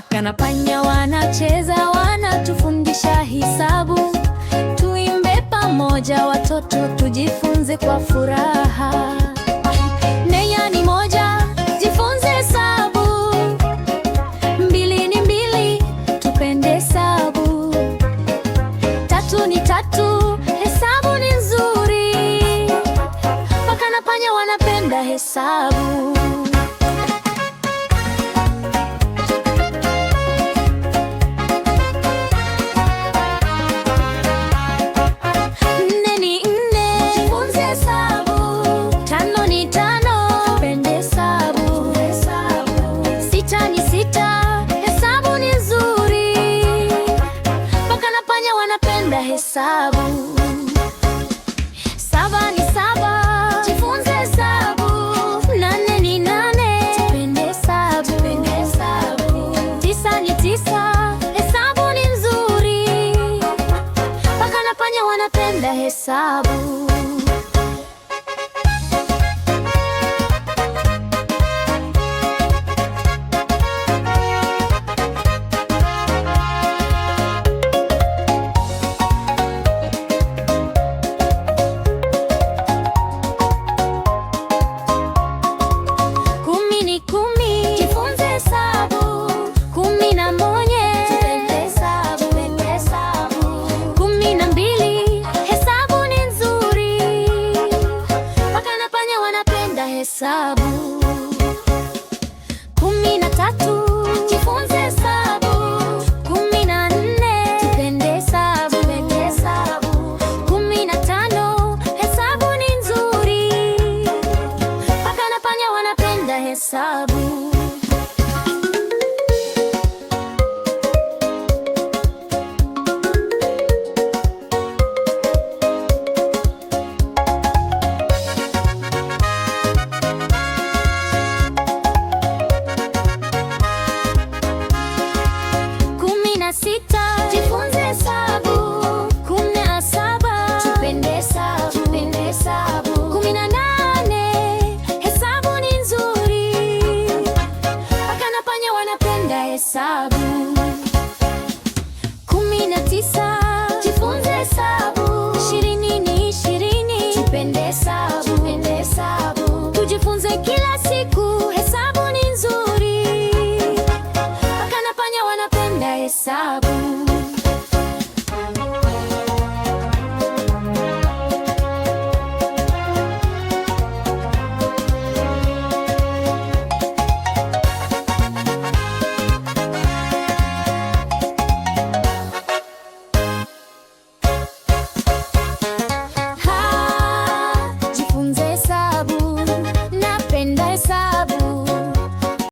Paka na panya wanacheza, wanatufundisha hisabu. Tuimbe pamoja watoto, tujifunze kwa furaha. Neya ni moja, jifunze hesabu. Mbili ni mbili, tupende hesabu. Tatu ni tatu, hesabu ni nzuri. Paka na panya wanapenda hesabu. napenda hesabu. Saba ni saba, jifunze hesabu. Nane ni nane, tupende hesabu. Tisa ni tisa, hesabu ni nzuri, paka na panya wanapenda hesabu. sabor. hesabu kumi na tisa